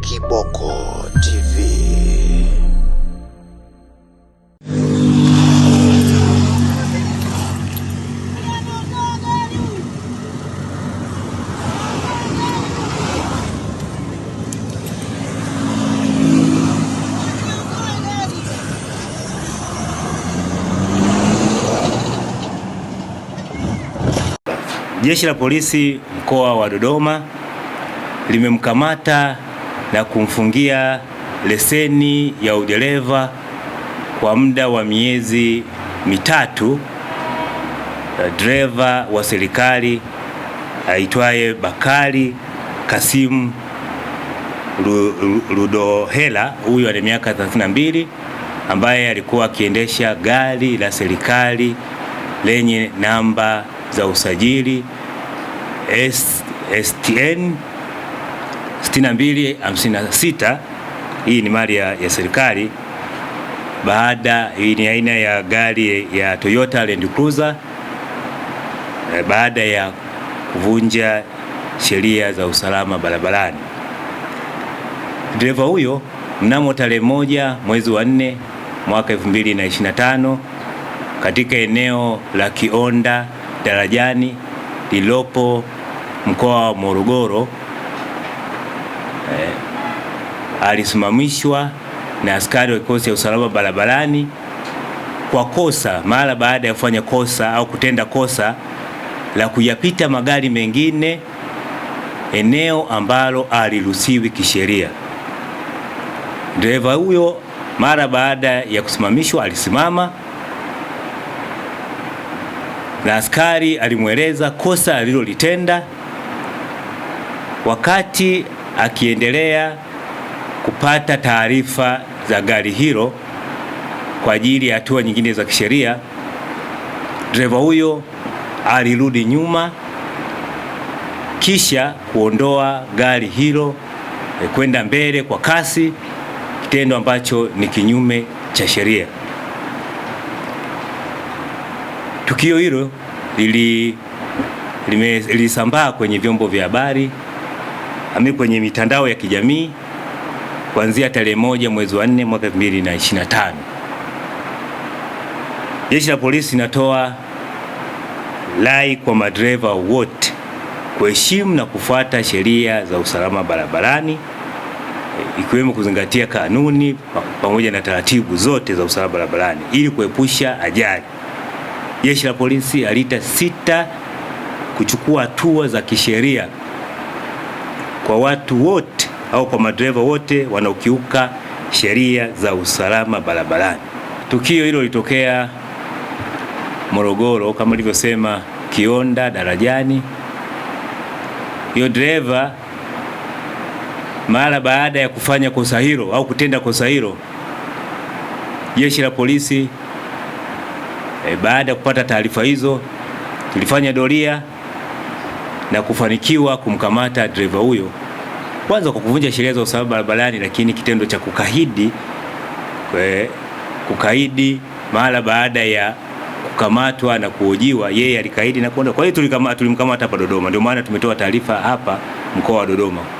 Kiboko TV. Jeshi la Polisi mkoa wa Dodoma limemkamata na kumfungia leseni ya udereva kwa muda wa miezi mitatu uh, dereva wa serikali aitwaye Bakari Kasimu Ludohela, huyu ana miaka 32, ambaye alikuwa akiendesha gari la serikali lenye namba za usajili STN 6256 hii ni mali ya, ya serikali baada hii ni aina ya gari ya Toyota Land Cruiser e, baada ya kuvunja sheria za usalama barabarani. Dereva huyo mnamo tarehe moja mwezi wa nne mwaka 2025 katika eneo la Kionda Darajani lilopo mkoa wa Morogoro eh, alisimamishwa na askari wa kikosi cha usalama barabarani kwa kosa mara baada ya kufanya kosa au kutenda kosa la kuyapita magari mengine eneo ambalo aliruhusiwi kisheria. Dereva huyo mara baada ya kusimamishwa alisimama na askari alimweleza kosa alilolitenda. Wakati akiendelea kupata taarifa za gari hilo kwa ajili ya hatua nyingine za kisheria, dereva huyo alirudi nyuma kisha kuondoa gari hilo e, kwenda mbele kwa kasi, kitendo ambacho ni kinyume cha sheria. Tukio hilo lilisambaa kwenye vyombo vya habari ami kwenye mitandao ya kijamii kuanzia tarehe moja mwezi wa nne mwaka 2025. Jeshi la polisi linatoa lai kwa madereva wote kuheshimu na kufuata sheria za usalama barabarani ikiwemo kuzingatia kanuni pamoja na taratibu zote za usalama barabarani ili kuepusha ajali. Jeshi la polisi halitasita kuchukua hatua za kisheria kwa watu wote au kwa madereva wote wanaokiuka sheria za usalama barabarani. Tukio hilo lilitokea Morogoro, kama ilivyosema Kionda darajani. Hiyo dereva mara baada ya kufanya kosa hilo au kutenda kosa hilo, jeshi la polisi e, baada ya kupata taarifa hizo tulifanya doria na kufanikiwa kumkamata dereva huyo, kwanza kwa kuvunja sheria za usalama barabarani, lakini kitendo cha kukahidi kwe, eh, kukaidi mara baada ya kukamatwa na kuhojiwa, yeye alikaidi na kuondoka. Kwa hiyo tulimkamata hapa Dodoma, ndio maana tumetoa taarifa hapa mkoa wa Dodoma.